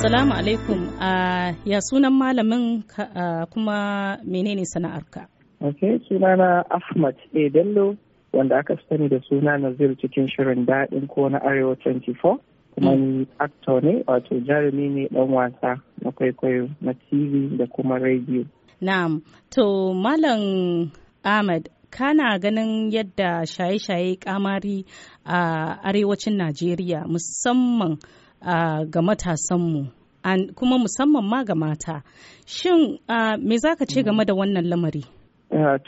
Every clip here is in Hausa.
Assalamu alaikum. Ah, ya sunan malamin uh, kuma menene sana'arka? Ok, sunana Ahmad A. wanda aka sani da suna Nazir cikin shirin daɗin ko na Arewa 24. Kuma mm. ni actor ne, wato jarumi ne ɗan wasa na kwaikwayo na TV da kuma radio. Na'am, to Malam Ahmad, kana ganin yadda shaye-shaye kamari a arewacin Najeriya musamman uh, ga matasanmu kuma musamman ma ga mata shin me za ka ce game da wannan lamari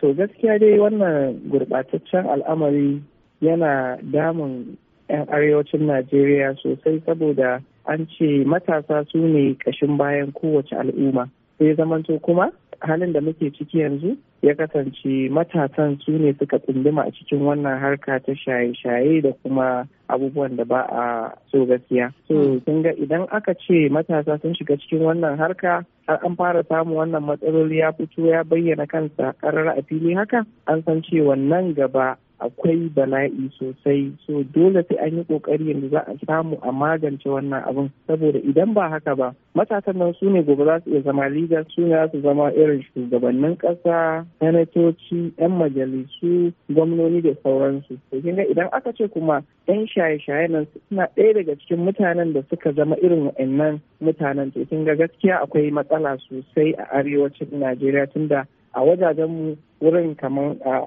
to gaskiya dai wannan gurɓataccen al'amari yana damun 'yan arewacin najeriya sosai saboda an ce matasa su ne ƙashin bayan kowace al'umma sai zamanto kuma halin da muke ciki yanzu ya kasance matasan su ne suka tsunduma a cikin wannan harka ta shaye-shaye da kuma abubuwan da ba a so gaskiya. So, sun hmm. ga idan aka ce matasa sun shiga cikin wannan harka har an fara samun wannan matsaloli ya fito ya bayyana kansa karara a fili haka an san cewa nan gaba akwai bala'i sosai so dole sai an yi kokari yanzu za a samu a magance wannan abin saboda idan ba haka ba matasan nan su ne gobe za su iya zama liga su ne za su zama irin shugabannin ƙasa sanatoci yan majalisu gwamnoni da sauransu to kin idan aka ce kuma yan shaye-shaye nan suna ɗaya daga cikin mutanen da suka zama irin wa'annan mutanen to kin gaskiya akwai matsala sosai a arewacin Najeriya tunda a wajajen mu wurin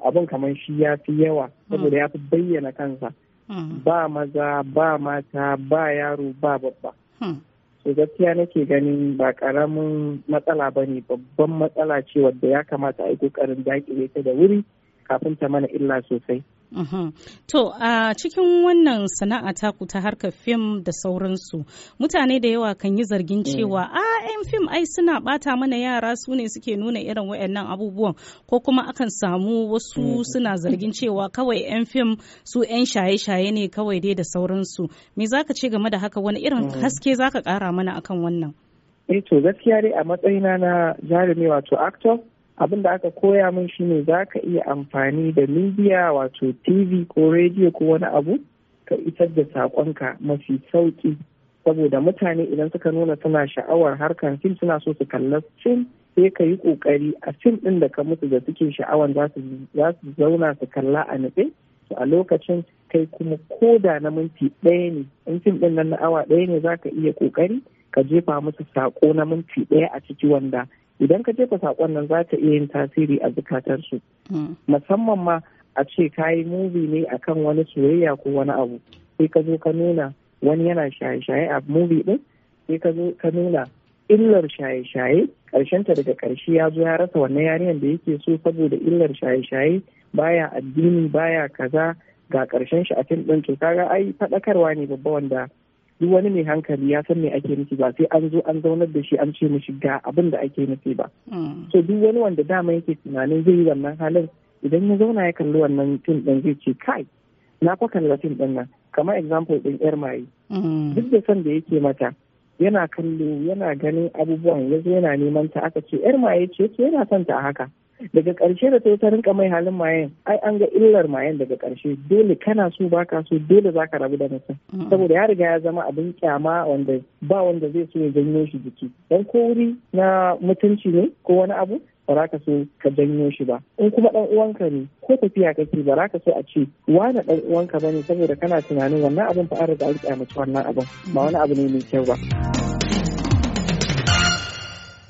abin kamar shi ya fi yawa saboda ya fi bayyana kansa hmm. Hmm. ba maza ba mata ba yaro ba babba hmm. so gaskiya nake ganin ba karamin matsala ba ne babban matsala ce wadda ya kamata a yi kokarin dakile ta da wuri kafin ta mana illa sosai mm-hmm. To a cikin wannan sana'a taku ta harkar fim da sauransu mutane da yawa kan yi zargin mm. cewa a ah, ƴaƴan fim ai suna bata mana yara su ne suke nuna irin wayannan abubuwan ko kuma akan samu wasu mm. suna zargin cewa kawai ƴan fim su ƴan shaye-shaye ne kawai dai da sauransu me zaka ce game da haka wani irin mm. haske zaka kara mana akan wannan eh to gaskiya dai a matsayina na jarumi wato actor abin da aka koya min shine za ka iya amfani da media wato tv ko radio ko wani abu ka isar da saƙonka mafi sauƙi saboda mutane idan suka nuna suna sha'awar harkar fim suna so su kalla fim sai ka yi kokari a fim din da ka musu da suke sha'awar za su zauna su kalla a nutse to a lokacin kai kuma ko da na minti ɗaya ne in fim din nan na awa ɗaya ne za ka iya kokari ka jefa musu saƙo na minti ɗaya a ciki wanda idan ka jefa saƙon nan za ta iya yin tasiri a su hmm. musamman ma a ce ka yi muvi ne akan wani soyayya ko wani abu sai ka zo ka nuna wani yana shaye-shaye a movie din sai ka nuna illar shaye-shaye ta daga karshe ya zo ya rasa wannan yarinyar da yake so saboda illar shaye-shaye baya addini baya kaza ga karshen shi a fim ɗin to kaga ai faɗakarwa ne babba wanda duk wani mai hankali ya san me ake nufi ba sai an zo an zaunar da shi an ce mishi ga abin da ake nufi ba mm. so duk wani wanda dama yake tunanin zai yi wannan halin idan ya zauna ya kalli wannan fim ɗin zai ce kai na kwatanta kallafin din nan kamar example din yar maye mm. duk da son da yake mata yana kallo yana ganin abubuwan ya yana neman ta aka ce yar maye ce ce yana son ta a haka daga karshe da ta rinka mai halin mayen ai an ga illar mayen daga karshe dole kana so baka so dole zaka rabu da mutum mm. saboda ya riga ya zama abin kyama wanda ba wanda zai so ya janyo shi jiki dan ko wuri na mutunci ne ko wani abu ba za ka so ka janyo shi ba in kuma dan uwanka ne ko tafiya kake ba za ka so a ce wani dan uwanka ne saboda kana tunanin wannan abin fa an riga an kyamaci wannan abin ba wani abu ne mai kyau ba.